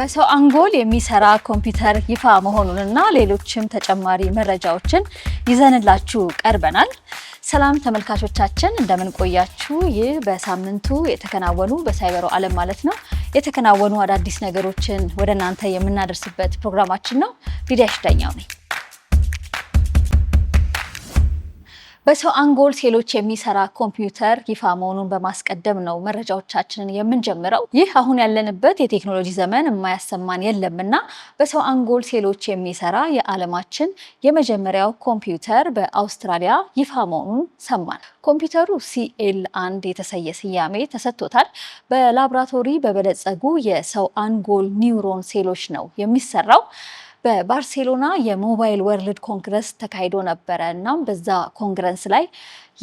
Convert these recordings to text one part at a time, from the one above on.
በሰው አንጎል የሚሰራ ኮምፒውተር ይፋ መሆኑንና ሌሎችም ተጨማሪ መረጃዎችን ይዘንላችሁ ቀርበናል። ሰላም ተመልካቾቻችን እንደምን ቆያችሁ? ይህ በሳምንቱ የተከናወኑ በሳይበሩ ዓለም ማለት ነው የተከናወኑ አዳዲስ ነገሮችን ወደ እናንተ የምናደርስበት ፕሮግራማችን ነው። ሊዲያ ሽዳኛው ነኝ። በሰው አንጎል ሴሎች የሚሰራ ኮምፒውተር ይፋ መሆኑን በማስቀደም ነው መረጃዎቻችንን የምንጀምረው። ይህ አሁን ያለንበት የቴክኖሎጂ ዘመን የማያሰማን የለም በሰው አንጎል ሴሎች የሚሰራ የዓለማችን የመጀመሪያው ኮምፒውተር በአውስትራሊያ ይፋ መሆኑን ሰማን። ኮምፒውተሩ ሲኤል አንድ የተሰየ ስያሜ ተሰጥቶታል። በላብራቶሪ በበለጸጉ የሰው አንጎል ኒውሮን ሴሎች ነው የሚሰራው። በባርሴሎና የሞባይል ወርልድ ኮንግረስ ተካሂዶ ነበረ። እናም በዛ ኮንግረስ ላይ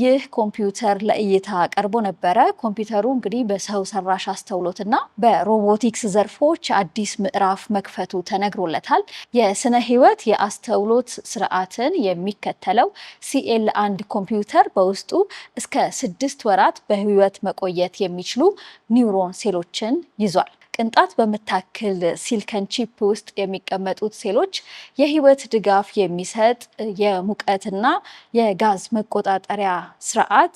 ይህ ኮምፒውተር ለእይታ ቀርቦ ነበረ። ኮምፒውተሩ እንግዲህ በሰው ሰራሽ አስተውሎት እና በሮቦቲክስ ዘርፎች አዲስ ምዕራፍ መክፈቱ ተነግሮለታል። የስነ ህይወት የአስተውሎት ስርዓትን የሚከተለው ሲኤል አንድ ኮምፒውተር በውስጡ እስከ ስድስት ወራት በህይወት መቆየት የሚችሉ ኒውሮን ሴሎችን ይዟል። ቅንጣት በምታክል ሲልከን ቺፕ ውስጥ የሚቀመጡት ሴሎች የህይወት ድጋፍ የሚሰጥ የሙቀትና የጋዝ መቆጣጠሪያ ስርዓት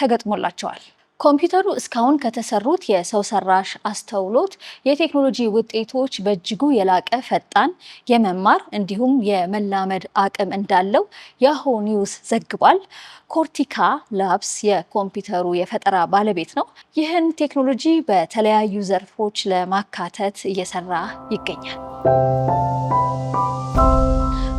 ተገጥሞላቸዋል። ኮምፒውተሩ እስካሁን ከተሰሩት የሰው ሰራሽ አስተውሎት የቴክኖሎጂ ውጤቶች በእጅጉ የላቀ ፈጣን የመማር እንዲሁም የመላመድ አቅም እንዳለው ያሆ ኒውስ ዘግቧል። ኮርቲካ ላብስ የኮምፒውተሩ የፈጠራ ባለቤት ነው። ይህን ቴክኖሎጂ በተለያዩ ዘርፎች ለማካተት እየሰራ ይገኛል።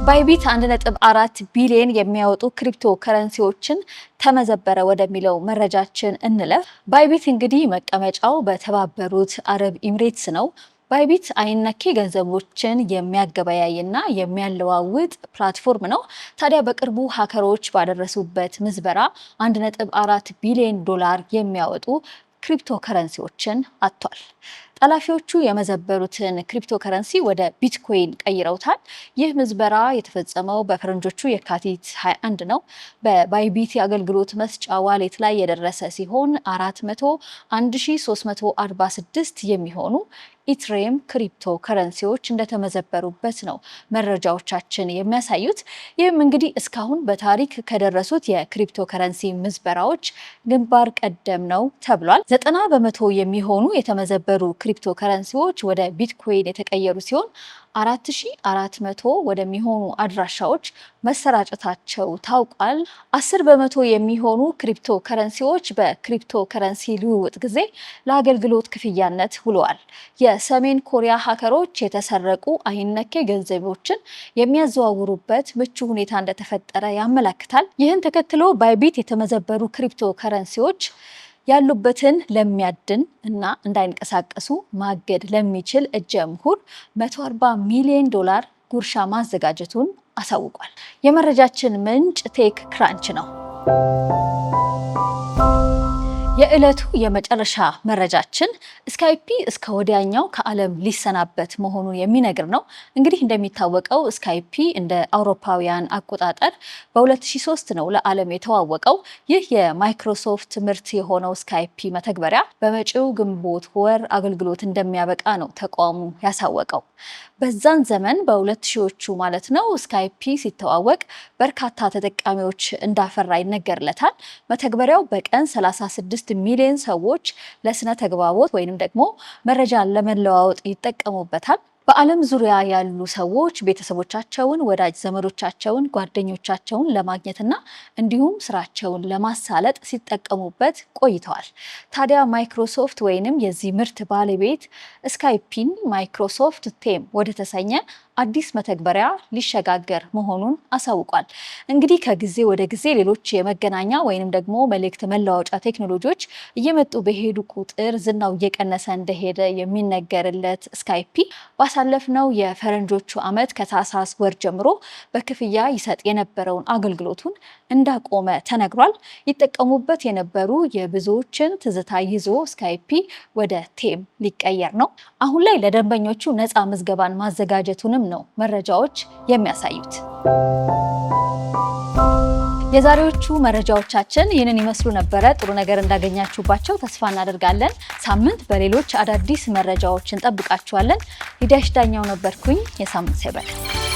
ባይቢት 1.4 ቢሊዮን የሚያወጡ ክሪፕቶ ከረንሲዎችን ተመዘበረ ወደሚለው መረጃችን እንለፍ። ባይቢት እንግዲህ መቀመጫው በተባበሩት አረብ ኢሚሬትስ ነው። ባይቢት አይነኬ ገንዘቦችን የሚያገበያይና የሚያለዋውጥ ፕላትፎርም ነው። ታዲያ በቅርቡ ሀከሮች ባደረሱበት ምዝበራ 1.4 ቢሊዮን ዶላር የሚያወጡ ክሪፕቶ ከረንሲዎችን አጥቷል። ጠላፊዎቹ የመዘበሩትን ክሪፕቶ ከረንሲ ወደ ቢትኮይን ቀይረውታል። ይህ ምዝበራ የተፈጸመው በፈረንጆቹ የካቲት 21 ነው። በባይቢት አገልግሎት መስጫ ዋሌት ላይ የደረሰ ሲሆን 401346 የሚሆኑ ኢትሬም ክሪፕቶ ከረንሲዎች እንደተመዘበሩበት ነው መረጃዎቻችን የሚያሳዩት። ይህም እንግዲህ እስካሁን በታሪክ ከደረሱት የክሪፕቶ ከረንሲ ምዝበራዎች ግንባር ቀደም ነው ተብሏል። ዘጠና በመቶ የሚሆኑ የተመዘበሩ ክሪፕቶ ከረንሲዎች ወደ ቢትኮይን የተቀየሩ ሲሆን መቶ ወደሚሆኑ አድራሻዎች መሰራጨታቸው ታውቋል። 10 በመቶ የሚሆኑ ክሪፕቶ ከረንሲዎች በክሪፕቶ ከረንሲ ልውውጥ ጊዜ ለአገልግሎት ክፍያነት ውለዋል። የሰሜን ኮሪያ ሀከሮች የተሰረቁ አይነኬ ገንዘቦችን የሚያዘዋውሩበት ምቹ ሁኔታ እንደተፈጠረ ያመላክታል። ይህን ተከትሎ ባይቢት የተመዘበሩ ክሪፕቶ ከረንሲዎች ያሉበትን ለሚያድን እና እንዳይንቀሳቀሱ ማገድ ለሚችል እጀ ምሁር 140 ሚሊዮን ዶላር ጉርሻ ማዘጋጀቱን አሳውቋል። የመረጃችን ምንጭ ቴክ ክራንች ነው። የዕለቱ የመጨረሻ መረጃችን ስካይፒ እስከ ወዲያኛው ከዓለም ሊሰናበት መሆኑን የሚነግር ነው። እንግዲህ እንደሚታወቀው ስካይፒ እንደ አውሮፓውያን አቆጣጠር በ2003 ነው ለዓለም የተዋወቀው። ይህ የማይክሮሶፍት ምርት የሆነው ስካይፒ መተግበሪያ በመጪው ግንቦት ወር አገልግሎት እንደሚያበቃ ነው ተቋሙ ያሳወቀው። በዛን ዘመን በሁለት ሺዎቹ ማለት ነው ስካይፒ ሲተዋወቅ በርካታ ተጠቃሚዎች እንዳፈራ ይነገርለታል። መተግበሪያው በቀን 36 አምስት ሚሊዮን ሰዎች ለስነ ተግባቦት ወይንም ደግሞ መረጃን ለመለዋወጥ ይጠቀሙበታል። በዓለም ዙሪያ ያሉ ሰዎች ቤተሰቦቻቸውን፣ ወዳጅ ዘመዶቻቸውን፣ ጓደኞቻቸውን ለማግኘትና እንዲሁም ስራቸውን ለማሳለጥ ሲጠቀሙበት ቆይተዋል። ታዲያ ማይክሮሶፍት ወይንም የዚህ ምርት ባለቤት ስካይፒን ማይክሮሶፍት ቴም ወደ ተሰኘ አዲስ መተግበሪያ ሊሸጋገር መሆኑን አሳውቋል። እንግዲህ ከጊዜ ወደ ጊዜ ሌሎች የመገናኛ ወይንም ደግሞ መልእክት መለዋወጫ ቴክኖሎጂዎች እየመጡ በሄዱ ቁጥር ዝናው እየቀነሰ እንደሄደ የሚነገርለት ስካይፒ ባሳለፍነው የፈረንጆቹ ዓመት ከታህሳስ ወር ጀምሮ በክፍያ ይሰጥ የነበረውን አገልግሎቱን እንዳቆመ ተነግሯል። ይጠቀሙበት የነበሩ የብዙዎችን ትዝታ ይዞ ስካይፒ ወደ ቴም ሊቀየር ነው። አሁን ላይ ለደንበኞቹ ነፃ ምዝገባን ማዘጋጀቱንም ነው መረጃዎች የሚያሳዩት። የዛሬዎቹ መረጃዎቻችን ይህንን ይመስሉ ነበረ። ጥሩ ነገር እንዳገኛችሁባቸው ተስፋ እናደርጋለን። ሳምንት በሌሎች አዳዲስ መረጃዎች እንጠብቃችኋለን። ሂዳሽ ዳኛው ነበርኩኝ። የሳምንት ሳይበል